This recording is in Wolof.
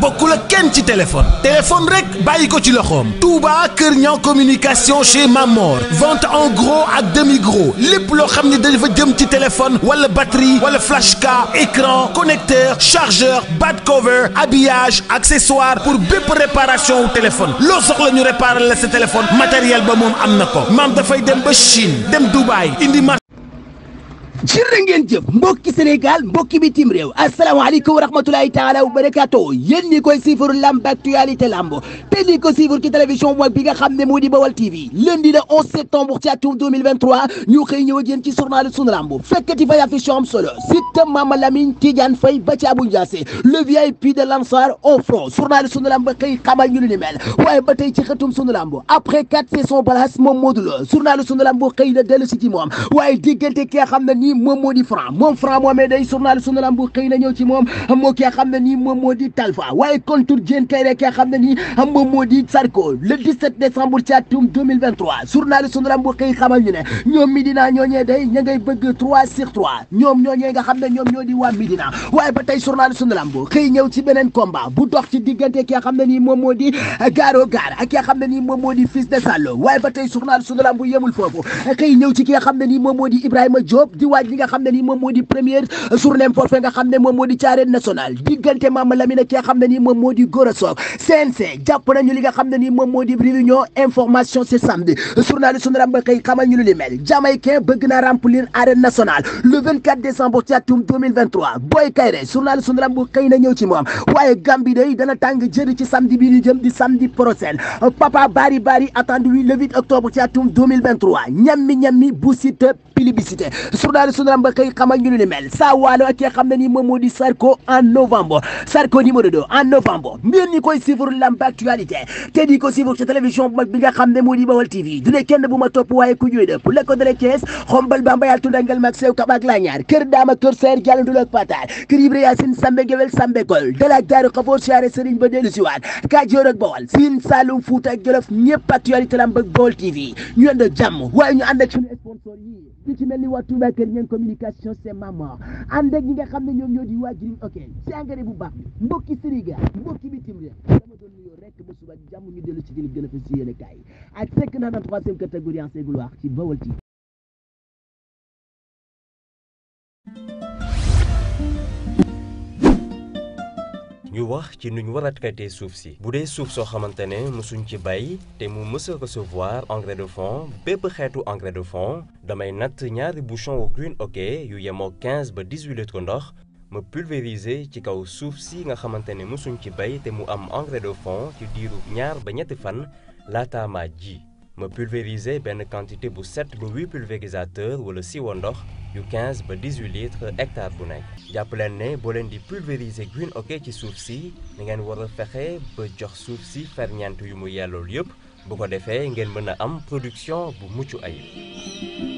bokkul ak kenn ci téléphone téléphone rek bàyyi ko ci loxoom Touba Kër Niang communication chez Mamor vente en gros ak demi gros lépp loo xam ni dafa jëm ci téléphone wala batterie wala flash card écran connecteur chargeur back cover habillage accessoire pour bépp réparation wu téléphone loo soxla ñu réparer la sa téléphone matériel ba moom am na ko maam dafay dem ba Chine dem Dubaï jërë ngeen jëf mbokki Sénégal mbokki bitim réew asalaamaaleykum wa rahmatulahi taala wa barakaatu yéen ñi koy suivre lamb actualité ko suivre ci télévision mooy bi xam ne moo di Bawal TV lundi le 11 septembre ci atum 2023 ñu xëy ñëw ak ci journal sunu lamb fekkati fay affiche am solo Siteu Mama Lamine Tidiane Faye ba ci Abou Ndiassé le VIP de l'Ansar au front journal sunu lamb xëy xamal ñu lu ni mel waaye ba tey ci xëtum sunu lamb après quatre saisons balas nii moom moo di franc moom franc moomee moom moo ki nga xam talfa waaye kontur jéen kay rek xam ne nii moom moo sarko le 17 décembre ci atum 2023 journal sunu bu xëy xamal ci beneen combat bu dox ci diggante ki xam ne nii moom moo gaaro gaar ak xam ne nii moom moo di de Sallo waaye ba tey journal bu yemul foofu xëy ñëw ci ki xam ne nii moom moo di Ibrahima Diop di waaj li nga xam ne nii moom moo di première journée forfait nga xam ne moom moo di arène nationale diggante Mama Lamine ki xam ne nii moom moo di Gora Sock CNC jàpp nañu li nga xam ne nii moom moo di réunion information ce samedi journaliste sunu ramba xëy xamal ñu li mel jamaïcain bëgg na remplir arène nationale le 24 décembre ci atum Boy Kayre journaliste sunu ramba xëy na ñëw ci moom waaye Gambie day dana tàng jëri ci samedi bi di samedi prochain Papa Bari Bari attendu le 8 journal sunu lamb xëy xamal ñu lu ni mel saa waalo ak nga xam ne ni moom moo di Sarko en novembre Sarko numéro 2 en novembre mbir ñi koy suivre lamb actualité te di ko suivre ci télévision bu mag bi nga xam ne moo TV du kenn bu ma topp waaye ku ñuy dëpp la ko dale Thiès xombal tundangal mag sew kabaak la kër daam kër seer jàllandul ak patar kër Ibra Yaasin sambe gewel sambe gol dalak daaru xafoor siyaare sëriñ ba dellu siwaat Kajoor ak Bawal ngeen communication c'est ma mort ànd ñi nga xam ne ñoom ñoo di waa Green Oken bu baax bi mbokki Sénégal mbokki bitim réew dama doon nuyoo rek ba suba jàmm ñu dellu ci gën a fës ci yéen kaay ak fekk naa na troisième catégorie en gloire ci Baol TV ñu wax ci nu ñu war a traité suuf si bu dee suuf soo xamante ne mësuñ ci bay te mu mës a recevoir engrais de fond bépp xeetu engrais de fond damay natt ñaari bouchon au Green OK yu yemoo 15 ba 18 litres ndox ma pulvériser ci kaw suuf si nga xamante ne mësuñ ci bay te mu am engrais de fond ci diiru ñaar ba ñetti fan laataamaa ji ma pulvériser benn quantité bu 7 ba 8 pulvérisateur wala siwa ndox yu 15 ba 18 litres hectare bu nekk. jàpp leen ne boo leen di pulvériser green hockey ci suuf si da ngeen war a fexe ba jox suuf si ferñeent yu mu yellool yëpp bu ko defee ngeen mën a am production bu mucc ayib.